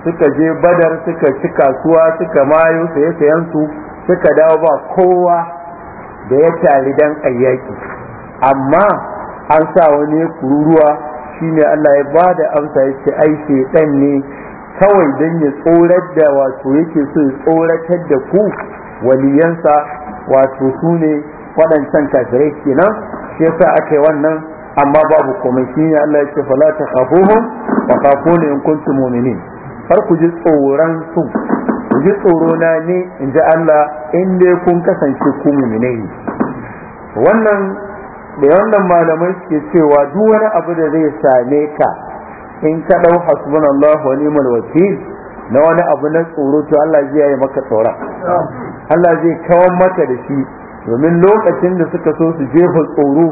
suka je badar suka ci kasuwa suka mayo saye sayen su suka dawo ba kowa da ya tari dan ayyaki amma an sa wani kururuwa shine Allah ya ba da amsa ya ce ai shedan ne kawai dan ya tsorar da wato yake so ya tsoratar da ku waliyansa wato su ne waɗancan kafirai kenan shi yasa aka yi wannan amma babu komai shi ne Allah ya ce fala ta khafuhum wa khafuni in kuntum mu'minin har ku ji tsoron su ku ji tsoro na ne in ji Allah in dai kun kasance ku mu'minai wannan da wannan malamai suke cewa duk wani abu da zai same ka in ka dau hasbunallahu wa ni'mal wakil na wani abu na tsoro to Allah zai yi maka tsoron Allah zai kawar mata da shi domin lokacin da suka so su jefa tsoro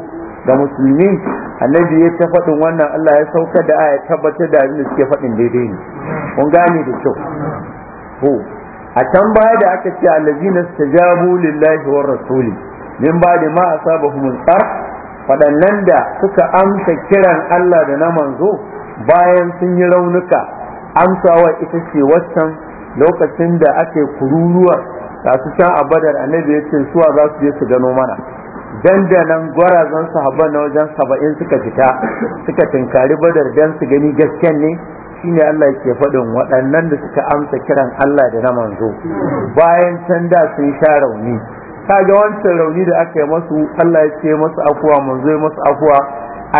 ga musulmi annabi ya ta faɗin wannan Allah ya sauka da aya tabbatar da abin da suke faɗin daidai ne kun gane da kyau ko a can baya da aka ce allazina stajabu lillahi war rasuli min ba'di ma asabahum al-qar waɗannan da suka amsa kiran Allah da na manzo bayan sun yi raunuka amsawa ita ce waccan lokacin da ake kururuwa ga su can a badar annabi ya ce suwa za su je su gano mana dandanan gwarazan sahaba na wajen saba'in suka fita suka tinkari badar dan su gani gasken ne shine Allah ke faɗin waɗannan da suka amsa kiran Allah da na manzo bayan can da sun sha rauni ga wancan rauni da aka yi masu Allah ya ce masu afuwa manzo ya masu afuwa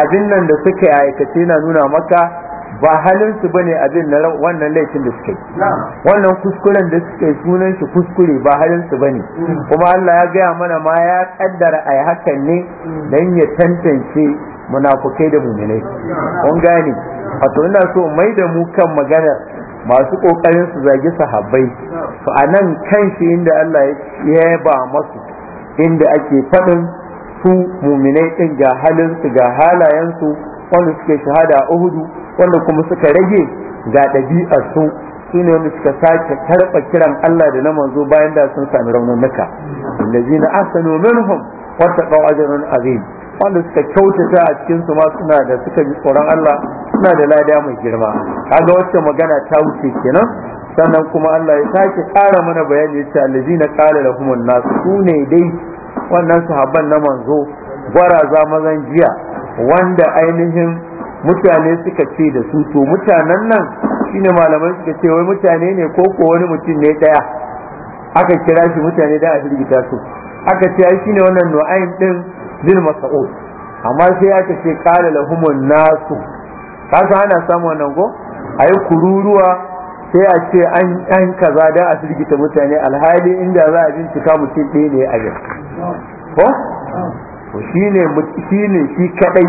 abin nan da suka yi aikace na nuna maka ba halinsu bane abin na wannan laifin da suka yi wannan kuskuren da suka sunan shi kuskure ba halinsu ba bane mm. kuma Allah ya gaya mana ma ya kaddara ayi hakan ne mm. dan ya tantance munafukai da muminai kun gane wato ina so mai da mu kan magana masu kokarin su zagi sahabbai to anan kan shi inda Allah ya ba masu inda ake faɗin su muminai din ga halinsu ga halayensu. wanda suka shahada a uhudu wanda kuma suka rage ga ɗabi'ar su su ne wanda suka sake karɓa kiran Allah da na manzo bayan da sun sami raunin raunuka allazina ahsanu minhum wata ajrun azim wanda suka kyautata a cikin su ma suna da suka ji tsoron Allah suna da lada mai girma kaga wacce magana ta wuce kenan sannan kuma Allah ya sake ƙara mana bayani ya ce allazina ƙara lahum an nasu su ne dai wannan sahabban na manzo gwara za mazan jiya wanda ainihin mutane suka ce da su to mutanen nan shine malamai suka ce wai mutane ne ko ko wani mutum ne daya aka kira shi mutane da a firgita su aka ce ai shine wannan nu'ayn din zil mas'ud amma sai aka ce qala lahumun nasu kasa ana samu wannan A yi kururuwa sai a ce an kaza da a firgita mutane alhali inda za a bincika mutum ɗaya ne a yau to shine ne shi kadai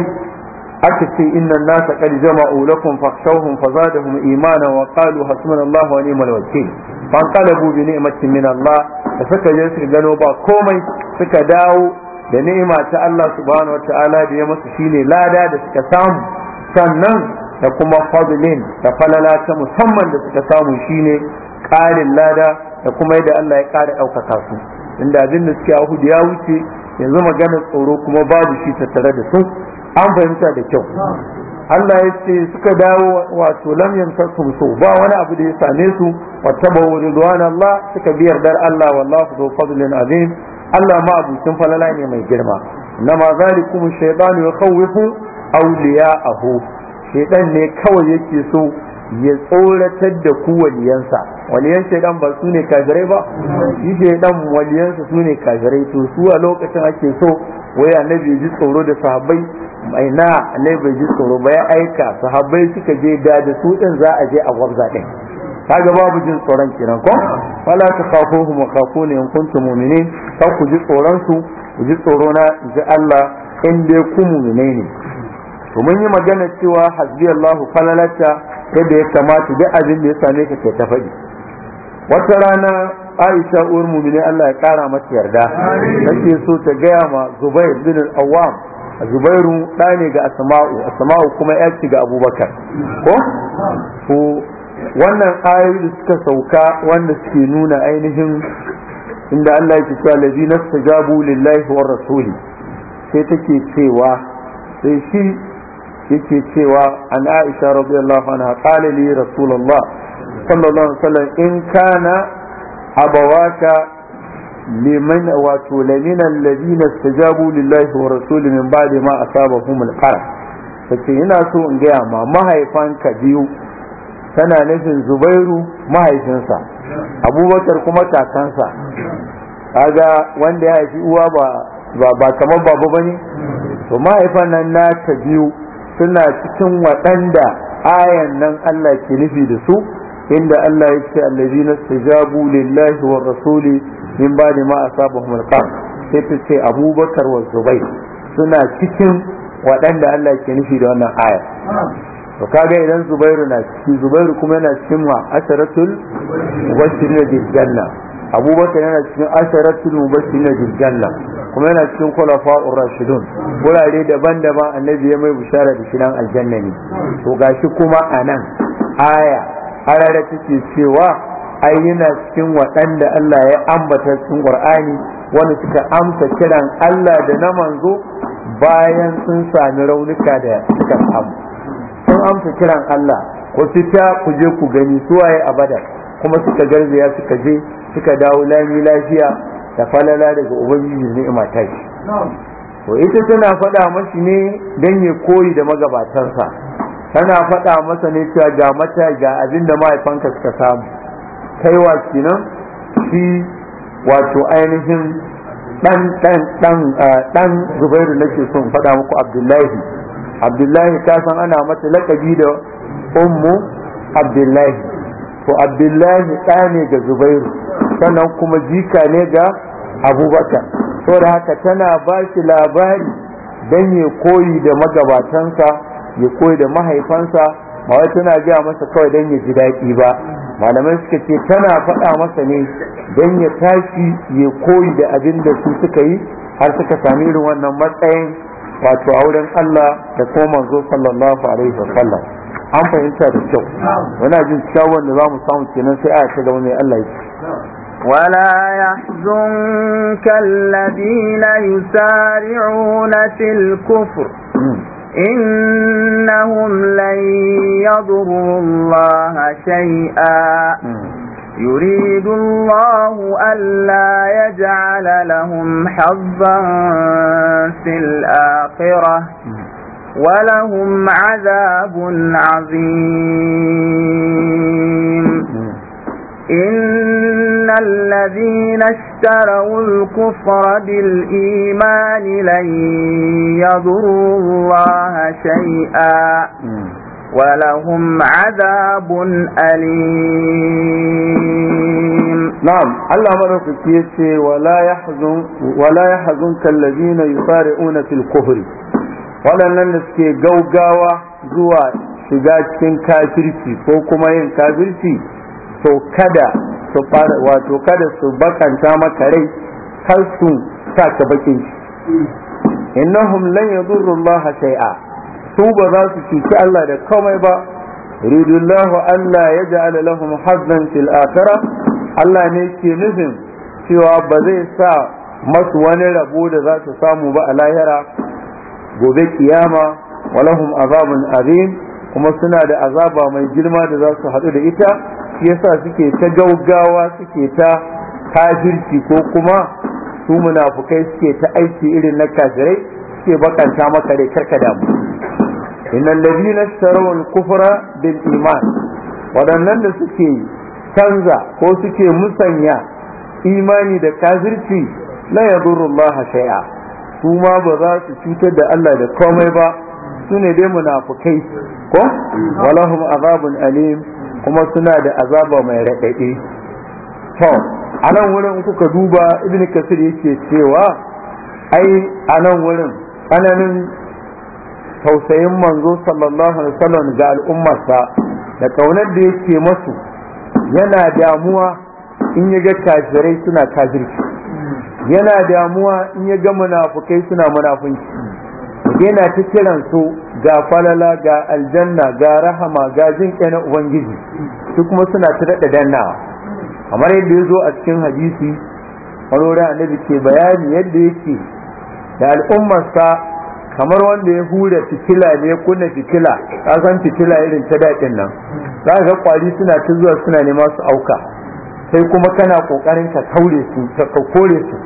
aka ce inna nasa qad jama'u lakum fakhshawhum fazadahum imana wa qalu hasbunallahu wa ni'mal wakeel fa qalabu bi ni'matin min Allah da suka je suka gano ba komai suka dawo da ni'ima ta Allah subhanahu wa ta'ala da ya musu shine lada da suka samu sannan da kuma fadlin da falala ta musamman da suka samu shine ƙarin lada da kuma yadda Allah ya ƙara ɗaukaka su inda abin da suke hudu ya wuce yanzu maganar tsoro kuma babu shi tattare da su an fahimta da kyau Allah ya ce suka dawo wato lam yamsasu so ba wani abu da ya same su wattabahu ridwan Allah suka bi yardar Allah wallahu dhu fadlin azim Allah ma abucin falala ne mai girma nama zalikum shaytanu yukhawifu awliya'ahu shaytan ne kawai yake so ya tsoratar da ku waliyansa waliyan shaidan ba su ne kajirai ba shi shaidan waliyansa su ne kajirai. to su a lokacin ake so wai annabi ji tsoro da sahabbai mai na annabi ji tsoro ba ya aika sahabbai suka je ga da su din za a je a gwabza din kaga babu jin tsoron kenan ko fala ta khafuhu wa ne in kuntum mu'minin kar ku ji tsoron su ku ji tsoro na ji Allah in dai ku mu'minai ne to mun yi magana cewa hasbi Allahu falalata yadda ya kamata duk abin da ya same ka ke ta faɗi wata rana Aisha uwar mumini Allah ya kara mata yarda take so ta gaya ma Zubair bin Al-Awwam Zubairu ɗa ne ga Asma'u Asma'u kuma ya ci ga Abubakar ko to wannan ayoyi da suka sauka wanda suke nuna ainihin inda Allah ya cewa lazi nastajabu lillahi war rasuli sai take cewa sai shi yake cewa an Aisha radiyallahu anha qala li rasulullah sallallahu alaihi wasallam in kana abawaka liman wato lamina alladhina istajabu lillahi wa rasulihi min ba'di ma asabahum al-qarh tace ina so in gaya ma mahaifanka biyu tana nufin zubairu mahaifinsa abubakar kuma kakansa kaga wanda ya haifi uwa ba ba kamar babu bane to mahaifan nan ta biyu suna cikin waɗanda ayan nan Allah ke nufi da su inda Allah ya ce na istajabu lillahi wa rasuli min ba'di ma asabahum alqam sai ta ce Abubakar wa Zubair suna cikin waɗanda Allah ke nufi da wannan aya to kaga idan Zubairu na ciki Zubairu kuma yana cikin wa asharatul mubashirin bil janna Abubakar yana cikin asharatul mubashirin bil janna kuma yana cikin khulafa'ur rashidun wurare daban-daban annabi ya mai bishara da shi nan aljanna ne to gashi kuma anan aya harare take cewa ai yana cikin waɗanda Allah ya ambata cikin Qur'ani wanda suka amsa kiran Allah da na manzo bayan sun sami raunuka da suka samu sun amsa kiran Allah ku fita ku je ku gani suwaye abada kuma suka garzaya suka je suka dawo lami lafiya da falala daga ubangiji ni'ima ta shi to ita tana faɗa mashi ne don ya koyi da magabatansa kana faɗa masa ne cewa ga mata ga abin da mahaifanka suka samu Kai wa kinan shi wato ainihin dan dan dan dan zubairu nake son faɗa muku abdullahi abdullahi ta san ana mata lakabi da ummu abdullahi to abdullahi ɗa ne ga zubairu sannan kuma jika ne ga abubakar saboda haka tana ba shi labari don ya koyi da magabatansa ya koyi da mahaifansa ba wai tana gaya masa kawai dan ya ji daɗi ba malamai suka ce tana faɗa masa ne dan ya tashi ya koyi da abin da su suka yi har suka sami irin wannan matsayin wato auren Allah da kuma manzo sallallahu alaihi wa sallam an fahimta da kyau muna jin shawon da zamu samu kenan sai aya ta gaba mai Allah yake ولا يحزنك الذين يسارعون في الكفر hmm. إنهم لن يضروا الله شيئا يريد الله ألا يجعل لهم حظا في الآخرة ولهم عذاب عظيم إن الذين اشتروا الكفر بالإيمان لن يضروا الله شيئا ولهم عذاب أليم نعم الله مرق كيسي ولا يحزن ولا يحزنك الذين يفارقون في الكفر waɗannan da suke gaugawa zuwa shiga cikin kafirci ko kuma yin kafirci to kada su fara wato kada su bakanta maka rai kar su sa ka bakin shi innahum lan yadurru Allah shay'a su ba za su cuci Allah da komai ba Ridullahu Allah yaj'al lahum hazzan fil akhirah Allah ne ke nufin cewa ba zai sa masu wani rabo da za su samu ba a lahira gobe kiyama walahum azabun azim kuma suna da azaba mai girma da za su haɗu da ita shi yasa suke ta gaugawa suke ta kafirci ko kuma su munafukai suke ta aiki irin na kafirai suke bakanta maka da karka damu innal ladina sharawal kufra bil iman waɗannan da suke canza ko suke musanya imani da kafirci la yadurrullaha shay'a su ma ba za su cutar da Allah da komai ba su ne dai munafukai ko walahum azabun alim kuma suna da azaba mai raɗaɗe to a nan wurin kuka duba ibn kasir yake cewa ai a nan wurin tsananin tausayin manzo sallallahu alaihi wasallam ga al'ummarsa da ƙaunar da yake masu yana damuwa in ya ga kafirai suna kafirci yana damuwa in ya ga munafukai suna munafunci yana ta kiran su ga falala ga aljanna ga rahama ga jinƙe na ubangiji su kuma suna ta daɗa danna kamar yadda ya zo a cikin hadisi wani na annabi ke bayani yadda yake da al'ummarsa kamar wanda ya hura fitila ne kunna fitila ka san fitila irin ta daɗin nan za ga kwari suna ta zuwa suna nema su auka sai kuma kana kokarin ka kaure su ka kore su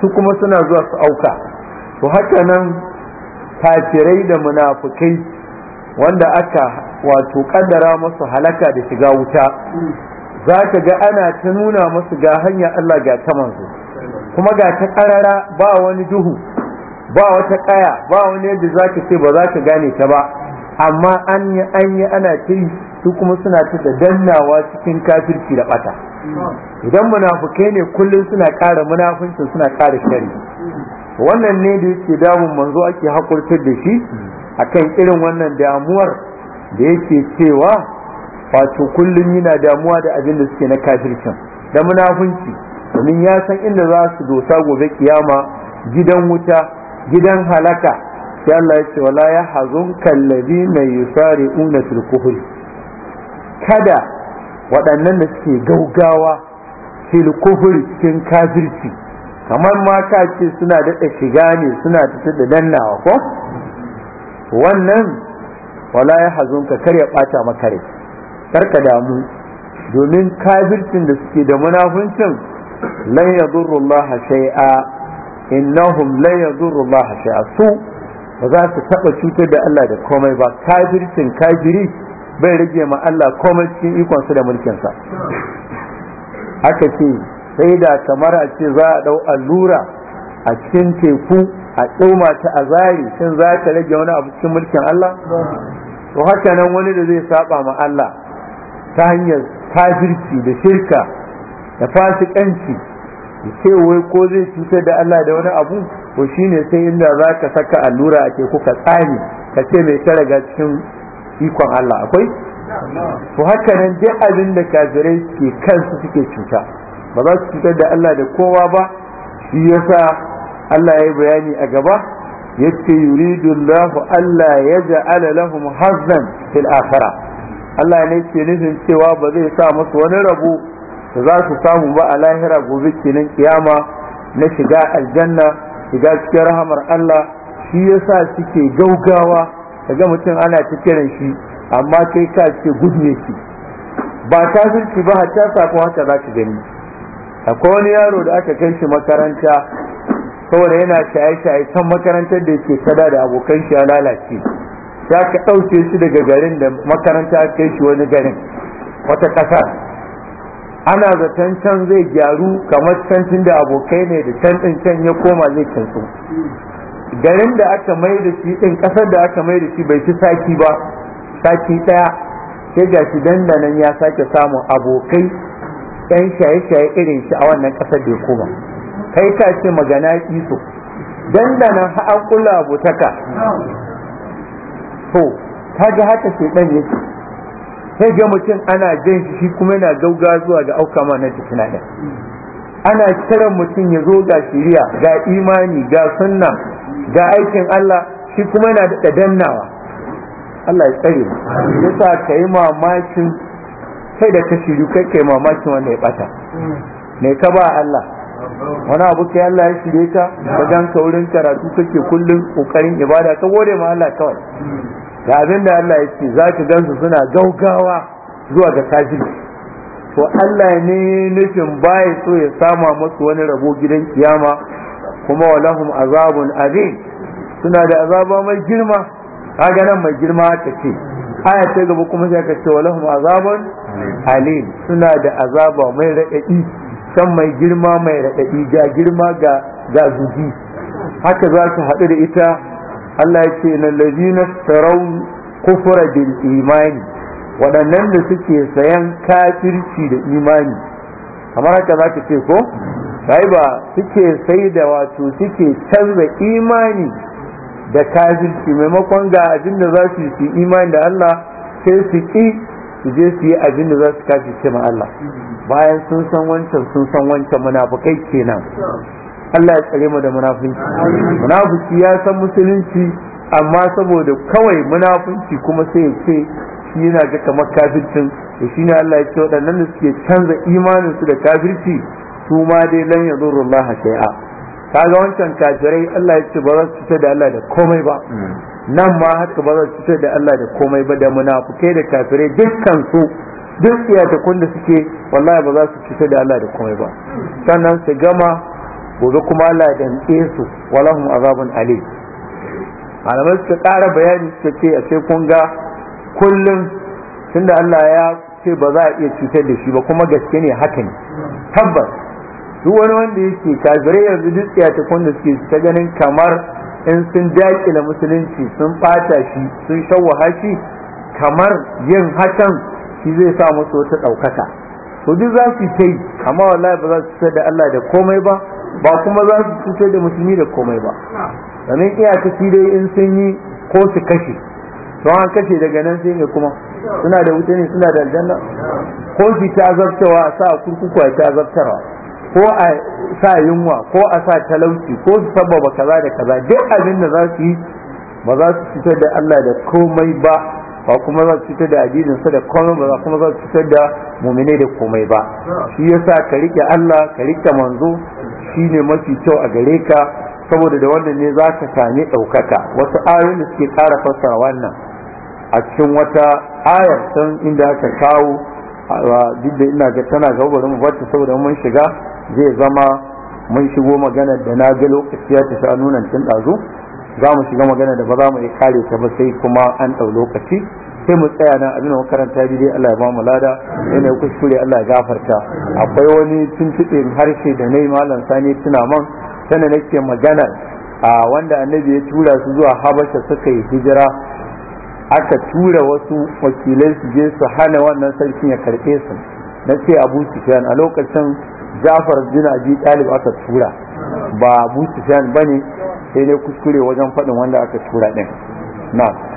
su kuma suna zuwa su auka to haka nan kafirai da munafukai wanda aka wato kaddara masu halaka da shiga wuta za ka ga ana ta nuna masu ga hanya Allah ga ta manzo kuma ga ta karara ba wani duhu ba wata kaya ba wani yadda za ka ce ba za ka gane ta ba amma an yi an yi ana ta yi su kuma suna ta da dannawa cikin kafirci da bata idan munafukai ne kullum suna ƙara munafuncin suna ƙara shari wannan ne da yake damun manzo ake hakurtar da shi akan irin wannan damuwar da yake cewa wato kullum yana damuwa da abin da suke na kafircin da munafunci domin ya san inda za su dosa gobe kiyama gidan wuta gidan halaka sai Allah ya ce wala ya hazun kallabi mai yusari una fil kada waɗannan da suke gaugawa fil cikin kafirci kamar mata ce suna daɗa shiga ne suna ta da dannawa ko wannan wala ya hazon ka kar ya ɓata makare. rai karka damu domin kafircin da suke da munafuncin lan yadurru Allah shay'a innahum lan yadurru Allah shay'a su ba za su taɓa cutar da Allah da komai ba kafircin kafiri bai rage ma Allah komai cikin ikonsa da mulkinsa haka ce sai da kamar a ce za a ɗau allura a cikin teku a tsoma ta a zari shin za ta rage wani abu cikin mulkin Allah to haka nan wani da zai saba ma Allah ta hanyar tajirci da shirka da fasikanci da wai ko zai cutar da Allah da wani abu shi shine sai inda za ka saka allura a teku ka tsani ka ce mai taraga cikin ikon Allah akwai to haka nan duk abin da kafirai ke kansu suke cuta ba za su cutar da Allah da kowa ba shi yasa Allah ya yi bayani a gaba ya yace yuridu Allah ya yaj'ala lahum hazzan fil akhirah Allah ne ke nufin cewa ba zai sa masu wani rabo da za su samu ba a lahira gobe kenan kiyama na shiga aljanna shiga cikin rahamar Allah shi yasa suke gaugawa kaga mutum ana cikin shi amma kai ka ce gudu ne ba ta kafirci ba hatta sako haka za ka gani akwai wani yaro da aka kai shi makaranta saboda yana shaye-shaye can makarantar da yake sada da abokan shi ya lalace ya ka ɗauke shi daga garin da makaranta aka kai shi wani garin wata ƙasa ana zaton can zai gyaru kamar can da abokai ne da can ɗin can ya koma zai canso garin da aka mai da shi ɗin ƙasar da aka mai da shi bai ci saki ba saki ɗaya sai ga shi dandanan ya sake samun abokai yan shaye-shaye irin shi a wannan ƙasar da ya koma kai ka ce magana iso dandana haƙula butaka to ta ga haka sai ɗan yake sai ga mutum ana jan shi kuma yana gauga zuwa ga auka ma na fitina ana kiran mutum ya zo ga shirya ga imani ga sunna ga aikin Allah shi kuma yana da dannawa Allah ya tsare ya sa ka yi mamakin kai da ka shiru kai kai mamakin wanda ya bata ne ka ba Allah wani abu kai Allah ya shirye ka wajen ka wurin karatu kake kullum kokarin ibada ka gode ma Allah kawai da abin da Allah ya ce za ka gansu suna gaugawa zuwa ga to Allah ne nufin baya so ya sama masu wani rabo gidan kiyama kuma walahum azabun azim suna da azaba mai girma kaga nan mai girma ta ce aya ta gaba kuma sai ka ce walahum azabun alim suna da azaba mai raɗaɗi can mai girma mai raɗaɗi ga girma ga gazuji haka za su haɗu da ita Allah ya ce na lazina sarau kufura bil imani waɗannan da suke sayan kafirci da imani kamar haka za ka ce ko sai ba suke sai da wato suke canza imani da kafirci maimakon ga abin da za su yi imani da Allah sai su ƙi su je su yi abin da za su kafi ce ma Allah bayan sun san wancan sun san wancan munafukai kenan Allah ya tsare mu da munafunci munafuki ya san musulunci amma saboda kawai munafunci kuma sai ya ce shi yana ga kamar kafircin shi ne Allah ya ce waɗannan da suke canza imanin su da kafirci su ma dai lan yadurullaha shay'a kaga wancan kafirai Allah ya ce ba za su cuta da Allah da komai ba hmm. nan ma haka ba za su fitar da Allah da komai ba da munafukai da kafirai dukkan su duk iyatakun da suke wallahi ba za su fitar da Allah da komai ba sannan su gama gobe kuma Allah da su walahum azabun Ali. malamai suka ƙara bayani suka ce a sai kun ga kullum tunda Allah ya ce ba za a iya cutar da shi ba kuma gaske ne haka ne tabbas duk wani wanda yake kafirai yanzu duk iyatakun da suke ta ganin kamar in sun daƙila musulunci sun ɓata shi sun shawwaha shi kamar yin hakan shi zai sa musu wata ɗaukaka to duk za su ta yi amma wallahi ba za su cutar da Allah da komai ba ba kuma za su cutar da musulmi da komai ba domin iyakaci dai in sun yi ko su kashe to an kashe daga nan sai ne kuma suna da wuta ne suna da aljanna ko su ta azabtawa a sa kurkuku a ta azabtarwa ko a sa yunwa ko a sa talauci ko su sababa kaza da kaza duk abin da za su yi ba za su cutar da Allah da komai ba ba kuma za su cutar da addinin sa da komai ba kuma za su cutar da mu'minai da komai ba shi yasa ka rike Allah ka rike manzo shine mafi kyau a gare ka saboda da wannan ne za ka sami ɗaukaka wasu ayoyi da suke ƙara fassara wannan a cikin wata ayar san inda aka kawo duk da ina ga tana gaba bari mu bata saboda mun shiga zai zama mun shigo magana da na ga lokaci ya tafi nunan cin ɗazu za mu shiga magana da ba za mu iya kare ta ba sai kuma an ɗau lokaci sai mu tsaya nan abin da makaranta dai Allah ya ba mu lada yana kuskure Allah ya gafarta akwai wani tuntuɓin harshe da na yi malam sani tuna man sannan nake magana a wanda annabi ya tura su zuwa habasha suka yi hijira aka tura wasu wakilai su je su hana wannan sarkin ya karɓe su na ce abu sufyan a lokacin jafar jina biyu ɗalib aka tura ba abu ba ne sai dai kuskure wajen faɗin wanda aka tura ɗin na